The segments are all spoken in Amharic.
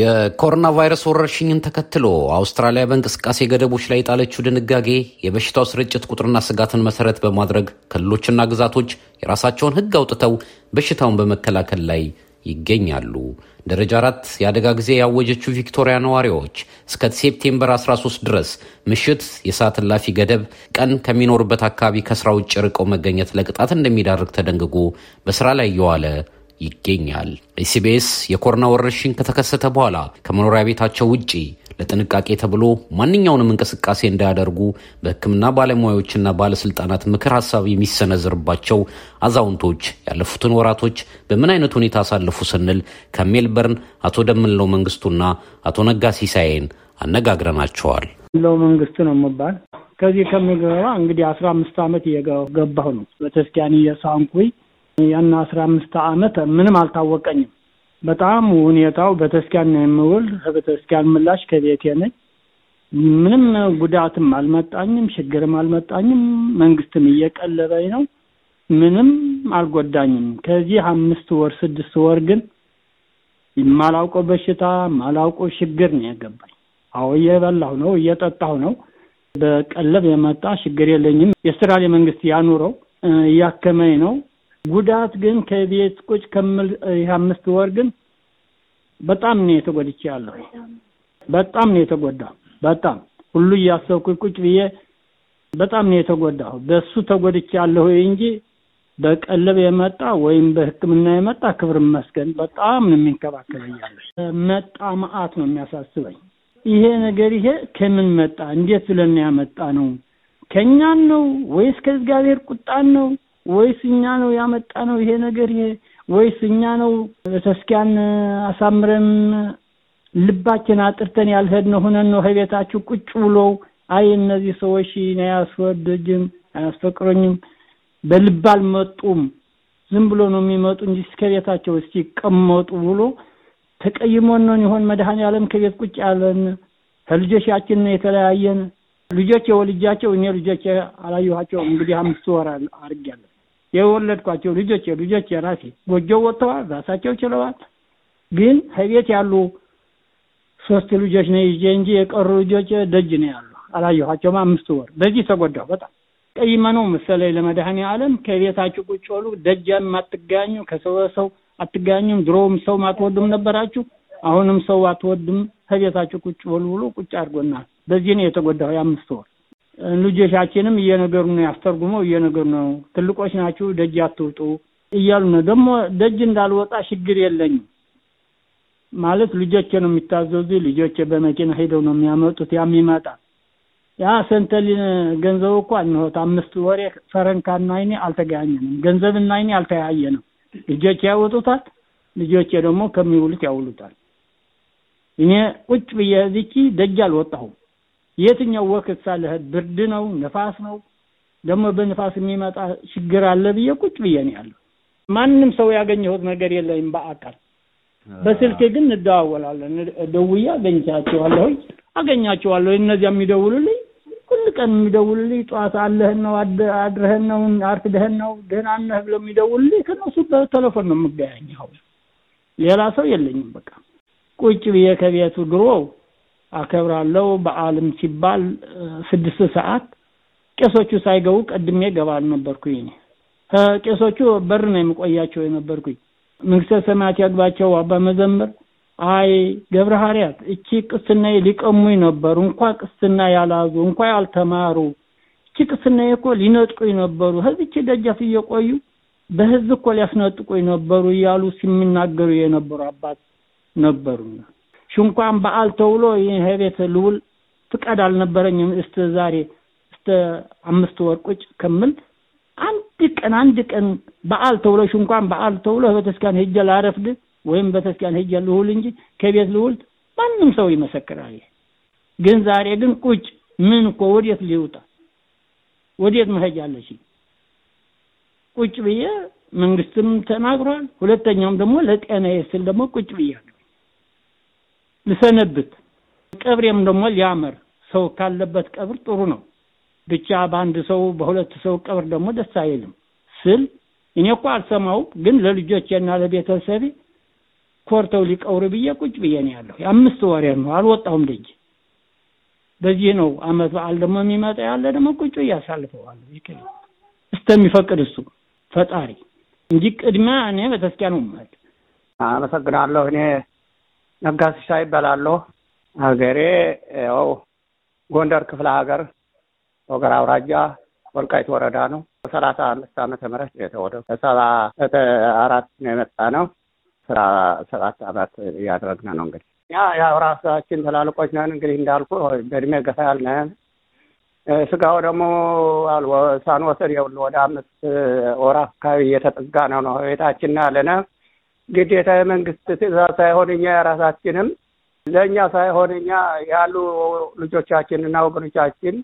የኮሮና ቫይረስ ወረርሽኝን ተከትሎ አውስትራሊያ በእንቅስቃሴ ገደቦች ላይ የጣለችው ድንጋጌ የበሽታው ስርጭት ቁጥርና ስጋትን መሰረት በማድረግ ክልሎችና ግዛቶች የራሳቸውን ሕግ አውጥተው በሽታውን በመከላከል ላይ ይገኛሉ። ደረጃ አራት የአደጋ ጊዜ ያወጀችው ቪክቶሪያ ነዋሪዎች እስከ ሴፕቴምበር 13 ድረስ ምሽት የሰዓት እላፊ ገደብ፣ ቀን ከሚኖሩበት አካባቢ ከስራ ውጭ ርቀው መገኘት ለቅጣት እንደሚዳርግ ተደንግጎ በስራ ላይ የዋለ ይገኛል። ኢሲቢኤስ የኮሮና ወረርሽኝ ከተከሰተ በኋላ ከመኖሪያ ቤታቸው ውጪ ለጥንቃቄ ተብሎ ማንኛውንም እንቅስቃሴ እንዳያደርጉ በሕክምና ባለሙያዎችና ባለስልጣናት ምክር ሀሳብ የሚሰነዝርባቸው አዛውንቶች ያለፉትን ወራቶች በምን አይነት ሁኔታ አሳለፉ ስንል ከሜልበርን አቶ ደምለው መንግስቱና አቶ ነጋ ሲሳይን አነጋግረናቸዋል። ለው መንግስቱ ነው የምባል ከዚህ ከምገባ እንግዲህ አስራ አምስት አመት እየገባሁ ነው በተስኪያን እየሳንኩኝ ያን አስራ አምስት አመት ምንም አልታወቀኝም። በጣም ሁኔታው ቤተክርስቲያን ነው የምውል። ከቤተክርስቲያን ምላሽ ከቤቴ ነኝ። ምንም ጉዳትም አልመጣኝም፣ ችግርም አልመጣኝም። መንግስትም እየቀለበኝ ነው። ምንም አልጎዳኝም። ከዚህ አምስት ወር ስድስት ወር ግን የማላውቀው በሽታ ማላውቀው ችግር ነው የገባኝ። አዎ እየበላሁ ነው፣ እየጠጣሁ ነው። በቀለብ የመጣ ችግር የለኝም። የስራሌ መንግስት ያኑረው፣ እያከመኝ ነው። ጉዳት ግን ከቤት ቁጭ ከምል ይህ አምስት ወር ግን በጣም ነው የተጎድቼ ያለሁ። በጣም ነው የተጎዳ በጣም ሁሉ እያሰብኩ ቁጭ ብዬ በጣም ነው የተጎዳሁ። በሱ ተጎድቼ ያለሁ እንጂ በቀለብ የመጣ ወይም በሕክምና የመጣ ክብር መስገን በጣም ነው የሚንከባከበኝ። መጣ ማአት ነው የሚያሳስበኝ ይሄ ነገር። ይሄ ከምን መጣ? እንዴት ብለን ያመጣ ነው? ከእኛን ነው ወይስ ከእግዚአብሔር ቁጣን ነው ወይስ እኛ ነው ያመጣ ነው ይሄ ነገር ወይስ እኛ ነው ተስኪያን አሳምረን ልባችን አጥርተን ያልሄድን ሆነን ነው ከቤታችሁ ቁጭ ብሎ አይ እነዚህ ሰዎች እኔ አያስወደጅም አያስፈቅረኝም በልብ አልመጡም ዝም ብሎ ነው የሚመጡ እንጂ እስከ ቤታቸው እስቲ ቀመጡ ብሎ ተቀይሞን ነው ይሆን መድሀን መድኃኔዓለም ከቤት ቁጭ ያለን ከልጆቻችን የተለያየን ልጆች የወልጃቸው እኔ ልጆች አላየኋቸው እንግዲህ አምስት ወር አርግ ያለ የወለድኳቸው ልጆች ልጆች የራሴ ጎጆ ወጥተዋል፣ ራሳቸው ችለዋል። ግን ከቤት ያሉ ሶስት ልጆች ነው ይዤ እንጂ የቀሩ ልጆች ደጅ ነው ያሉ አላየኋቸውም። አምስት ወር በዚህ ተጎዳሁ በጣም ቀይ መኖ መሰለኝ ለመድኃኔ ዓለም ከቤታችሁ ቁጭ በሉ፣ ደጃም አትጋኙ፣ ከሰው ሰው አትጋኙም። ድሮም ሰው አትወዱም ነበራችሁ፣ አሁንም ሰው አትወድም፣ ከቤታችሁ ቁጭ በሉ ብሎ ቁጭ አድርጎናል። በዚህ ነው የተጎዳሁ የአምስት ወር ልጆቻችንም እየነገሩ ነው ያስተርጉመው እየነገሩ ነው ትልቆች ናችሁ ደጅ አትውጡ እያሉ ነው። ደግሞ ደጅ እንዳልወጣ ችግር የለኝም ማለት ልጆቼ ነው የሚታዘዙ። ልጆቼ በመኪና ሄደው ነው የሚያመጡት። ያም ይመጣ ያ ሰንተሊን ገንዘብ እኮ አንሆት አምስት ወሬ ፈረንካና አይኔ አልተገያኘንም ገንዘብና አይኔ ነው ልጆቼ ያወጡታል፣ ልጆቼ ደግሞ ከሚውሉት ያውሉታል። እኔ ቁጭ ብዬ እዚህች ደጅ አልወጣሁም። የትኛው ወቅት ሳለህ ብርድ ነው፣ ነፋስ ነው፣ ደግሞ በንፋስ የሚመጣ ችግር አለ ብዬ ቁጭ ብዬ ነው ያለው። ማንም ሰው ያገኘሁት ነገር የለኝም በአካል በስልክ ግን እንደዋወላለን። ደውዬ አገኝቻቸዋለሁ አገኛቸዋለሁ። እነዚያ የሚደውሉልኝ ሁል ቀን የሚደውሉልኝ ጠዋት አለህን ነው አድረህን ነው አርፍደህን ነው ደህናነህ ብለው የሚደውሉልኝ ከነሱ በቴሌፎን ነው የምገያኘው ሌላ ሰው የለኝም። በቃ ቁጭ ብዬ ከቤቱ ድሮ አከብራለሁ። በዓልም ሲባል ስድስት ሰዓት ቄሶቹ ሳይገቡ ቀድሜ ገባ አልነበርኩኝ። ቄሶቹ በር ነው የምቆያቸው የነበርኩኝ። መንግስተ ሰማያት ያግባቸው አባ መዘምር አይ ገብረ ሐዋርያት እቺ ቅስና ሊቀሙኝ ነበሩ። እንኳ ቅስና ያላዙ እንኳ ያልተማሩ እቺ ቅስና እኮ ሊነጥቁኝ ነበሩ። ህዝብ ደጃፍ እየቆዩ በህዝብ እኮ ሊያስነጥቁኝ ነበሩ እያሉ ሲሚናገሩ የነበሩ አባት ነበሩና ሽንኳን በዓል ተውሎ ይሄ ቤት ልውል ፍቃድ አልነበረኝም። እስተ ዛሬ እስተ አምስት ወር ቁጭ ከምል አንድ ቀን አንድ ቀን በዓል ተውሎ ሽንኳን በዓል ተውሎ ቤተክርስቲያን ሄጄ ላረፍድ ወይም ቤተክርስቲያን ሄጄ ልውል እንጂ ከቤት ልውል ማንም ሰው ይመሰክራል። ግን ዛሬ ግን ቁጭ ምን እኮ ወዴት ሊውጣ ወዴት መሄጃለች? ቁጭ ብዬ መንግስትም ተናግሯል። ሁለተኛውም ደግሞ ለጤና የስል ደግሞ ቁጭ ብያለሁ። ልሰነብት፣ ቀብሬም ደግሞ ሊያምር ሰው ካለበት ቀብር ጥሩ ነው። ብቻ በአንድ ሰው በሁለት ሰው ቀብር ደግሞ ደስ አይልም ስል እኔ እኮ አልሰማው፣ ግን ለልጆቼና ለቤተሰቤ ኮርተው ሊቀውር ብዬ ቁጭ ብዬ ነው ያለሁ። የአምስት ወሬ ነው አልወጣሁም ደጅ። በዚህ ነው አመት በዓል ደግሞ የሚመጣ ያለ ደግሞ ቁጭ እያሳልፈዋለሁ እስከሚፈቅድ እሱ ፈጣሪ እንጂ ቅድሚያ እኔ ቤተክርስቲያን ነው የምሄድ። አመሰግናለሁ እኔ ነጋሲሳ ይባላለሁ። ሀገሬ ያው ጎንደር ክፍለ ሀገር ወገር አውራጃ ወልቃይት ወረዳ ነው። ሰላሳ አምስት ዓመተ ምህረት የተወለድኩ ሰባ አራት ነው የመጣ ነው። ስራ ሰባት አመት እያደረግን ነው እንግዲህ ያ ያው ራሳችን ትላልቆች ነን እንግዲህ እንዳልኩ በእድሜ ገፋ ያልነን ስጋው ደግሞ ሳንወስድ የሁሉ ወደ አምስት ወር አካባቢ እየተጠጋ ነው ነው ቤታችን ያለነ ግዴታ የመንግስት ትእዛዝ ሳይሆን እኛ የራሳችንም ለእኛ ሳይሆን እኛ ያሉ ልጆቻችን እና ወገኖቻችን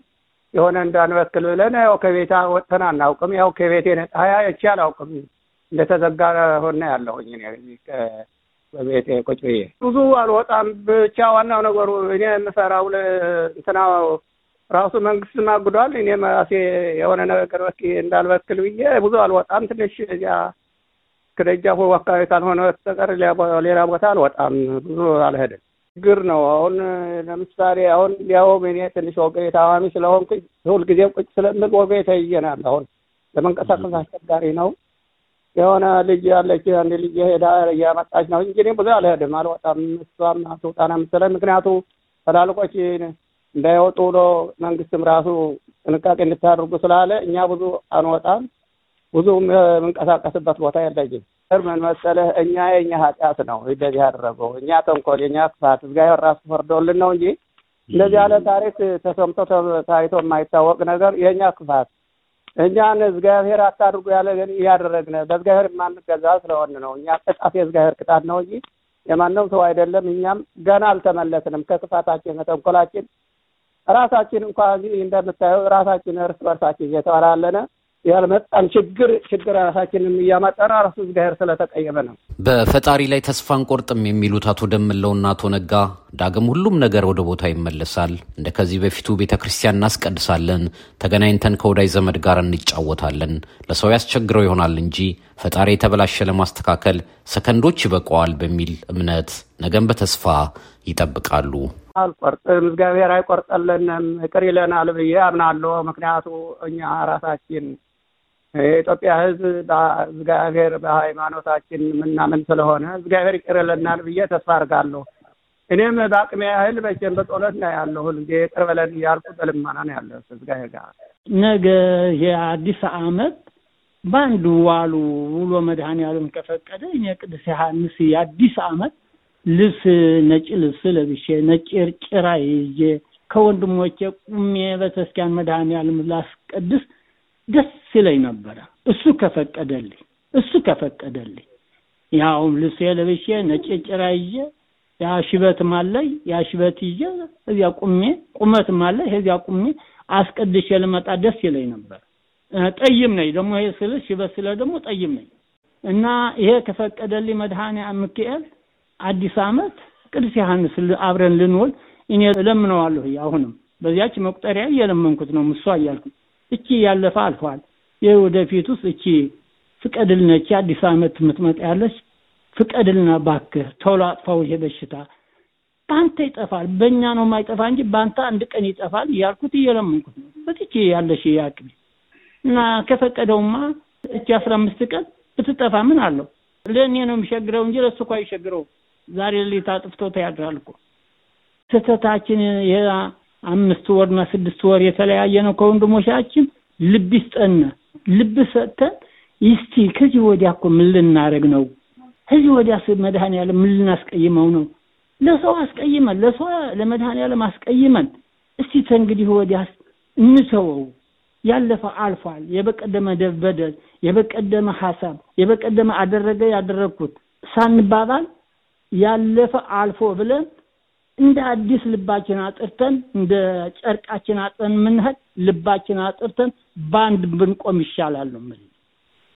የሆነ እንዳንበክል ብለን ያው ከቤታ ወጥተን አናውቅም። ያው ከቤቴ ሀያ እቺ አላውቅም እንደተዘጋ ሆነ ያለሁኝ በቤቴ ቁጭ ብዬ ብዙ አልወጣም። ብቻ ዋናው ነገሩ እኔ የምሰራው እንትና ራሱ መንግስት ማጉዷል። እኔ ራሴ የሆነ ነገር በኪ እንዳልበክል ብዬ ብዙ አልወጣም። ትንሽ እዚያ ከደጃፎ አካባቢ ካልሆነ በስተቀር ሌላ ቦታ አልወጣም። ብዙ አልሄድም። ችግር ነው። አሁን ለምሳሌ አሁን እንዲያውም እኔ ትንሽ ወገቤ ታማሚ ስለሆንኩ ሁልጊዜም ቁጭ ስለምል ወገቤ ተይዘናል። አሁን ለመንቀሳቀስ አስቸጋሪ ነው። የሆነ ልጅ ያለች አንድ ልጅ ሄዳ እያመጣች ነው እንጂ ብዙ አልሄድም፣ አልወጣም። እሷም አትውጣና ምትለን ምክንያቱ ተላልቆች እንዳይወጡ ብሎ መንግስትም ራሱ ጥንቃቄ እንድታደርጉ ስላለ እኛ ብዙ አንወጣም። ብዙም የምንቀሳቀስበት ቦታ የለኝም። ምን መሰለህ እኛ የእኛ ኃጢአት ነው እንደዚህ ያደረገው እኛ ተንኮል፣ የእኛ ክፋት እግዚአብሔር ራሱ ፈርዶልን ነው እንጂ እንደዚህ ያለ ታሪክ ተሰምቶ ታይቶ የማይታወቅ ነገር የእኛ ክፋት እኛን እግዚአብሔር አታድርጉ ያለ ግን እያደረግን በእግዚአብሔር የማንገዛ ስለሆን ነው። እኛ ቅጣት የእግዚአብሔር ቅጣት ነው እንጂ የማንም ሰው አይደለም። እኛም ገና አልተመለስንም ከክፋታችን ከተንኮላችን። ራሳችን እንኳ እንደምታየው ራሳችን እርስ በርሳችን እየተባላለነ ያልመጣን ችግር ችግር ራሳችንም እያመጣን ራሱ እግዚአብሔር ስለተቀየመ ነው። በፈጣሪ ላይ ተስፋ አንቆርጥም የሚሉት አቶ ደምለውና አቶ ነጋ ዳግም ሁሉም ነገር ወደ ቦታ ይመለሳል፣ እንደ ከዚህ በፊቱ ቤተ ክርስቲያን እናስቀድሳለን፣ ተገናኝተን ከወዳጅ ዘመድ ጋር እንጫወታለን፣ ለሰው ያስቸግረው ይሆናል እንጂ ፈጣሪ የተበላሸ ለማስተካከል ሰከንዶች ይበቀዋል በሚል እምነት ነገን በተስፋ ይጠብቃሉ። አልቆርጥም፣ እግዚአብሔር አይቆርጠልንም፣ ይቅር ይለናል ብዬ አምናለሁ። ምክንያቱ እኛ ራሳችን የኢትዮጵያ ሕዝብ እግዚአብሔር በሃይማኖታችን የምናምን ስለሆነ እግዚአብሔር ይቅርልናል ብዬ ተስፋ አድርጋለሁ። እኔም በአቅሜ ያህል በቼም በጸሎት ነው ያለሁ ሁልጊዜ ይቅር በለን እያልኩ በልመና ነው ያለሁ እግዚአብሔር ጋር። ነገ የአዲስ አመት በአንድ ዋሉ ውሎ መድኃኔዓለም ከፈቀደ እኔ ቅዱስ ዮሐንስ የአዲስ አመት ልብስ ነጭ ልብስ ለብሼ ነጭ ጭራ ይዤ ከወንድሞቼ ቁሜ ቤተክርስቲያን መድኃኔዓለም ላስቀድስ ደስ ይለኝ ነበረ። እሱ ከፈቀደልኝ እሱ ከፈቀደልኝ ያውም ልብሴ ለብሼ ነጭ ጭራ ይዤ ያ ሽበትም አለኝ ያ ሽበት ይዤ እዚያ ቁሜ ቁመትም አለኝ እዚያ ቁሜ አስቀድሼ ልመጣ ደስ ይለኝ ነበር። ጠይም ነኝ ደግሞ ይሄ ስለ ሽበት ስለ ደግሞ ጠይም ነኝ እና ይሄ ከፈቀደልኝ መድኃኔ ሚካኤል አዲስ ዓመት ቅዱስ ዮሐንስ አብረን ልንውል እኔ እለምነዋለሁ። አሁንም በዚያች መቁጠሪያ እየለመንኩት ነው ምሷ እያልኩ እቺ ያለፈ አልፏል። ይህ ወደፊቱስ እቺ ፍቀድልና እቺ አዲስ ዓመት የምትመጣ ያለች ፍቀድልና ባክህ ቶሎ አጥፋው ይሄ በሽታ በአንተ ይጠፋል። በእኛ ነው የማይጠፋ እንጂ በአንተ አንድ ቀን ይጠፋል እያልኩት እየለመንኩት ነው። በትቼ ያለሽ ያቅም እና ከፈቀደውማ እቺ አስራ አምስት ቀን ብትጠፋ ምን አለው? ለእኔ ነው የሚሸግረው እንጂ ለሱ እኮ አይሸግረው። ዛሬ ሌሊት አጥፍቶ ያድራል እኮ ስህተታችን አምስት ወርና ስድስት ወር የተለያየ ነው ከወንድሞቻችን ልብ ይስጠን። ልብ ሰጥተን ይስቲ ከዚህ ወዲያ እኮ ምን ልናደርግ ነው? ከዚህ መድሃን ያለ ምን ልናስቀይመው ነው? ለሰው አስቀይመን ለሰው ያለ ማስቀይመን እስቲ ተንግዲህ ወዲያስ እንተወው። ያለፈ አልፏል። የበቀደመ ደበደ የበቀደመ ሐሳብ፣ የበቀደመ አደረገ ያደረግኩት ሳንባባል ያለፈ አልፎ ብለን እንደ አዲስ ልባችን አጥርተን እንደ ጨርቃችን አጥረን የምንሄድ ልባችን አጥርተን በአንድ ብንቆም ይሻላል ነው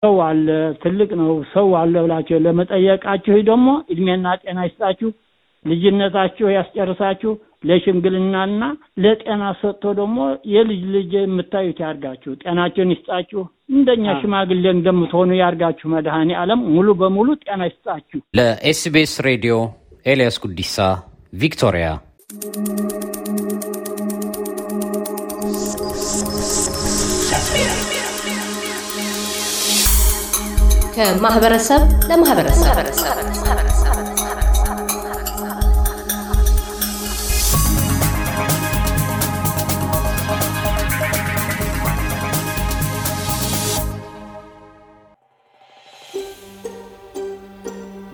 ሰው አለ ትልቅ ነው ሰው አለ ብላችሁ ለመጠየቃችሁ ደግሞ እድሜና ጤና ይስጣችሁ። ልጅነታችሁ ያስጨርሳችሁ ለሽምግልናና ለጤና ሰጥቶ ደግሞ የልጅ ልጅ የምታዩት ያርጋችሁ። ጤናችሁን ይስጣችሁ። እንደኛ ሽማግሌ እንደምትሆኑ ያርጋችሁ። መድኃኔ አለም ሙሉ በሙሉ ጤና ይስጣችሁ። ለኤስቢኤስ ሬዲዮ ኤልያስ ጉዲሳ فيكتوريا كم مهبره لا مهبره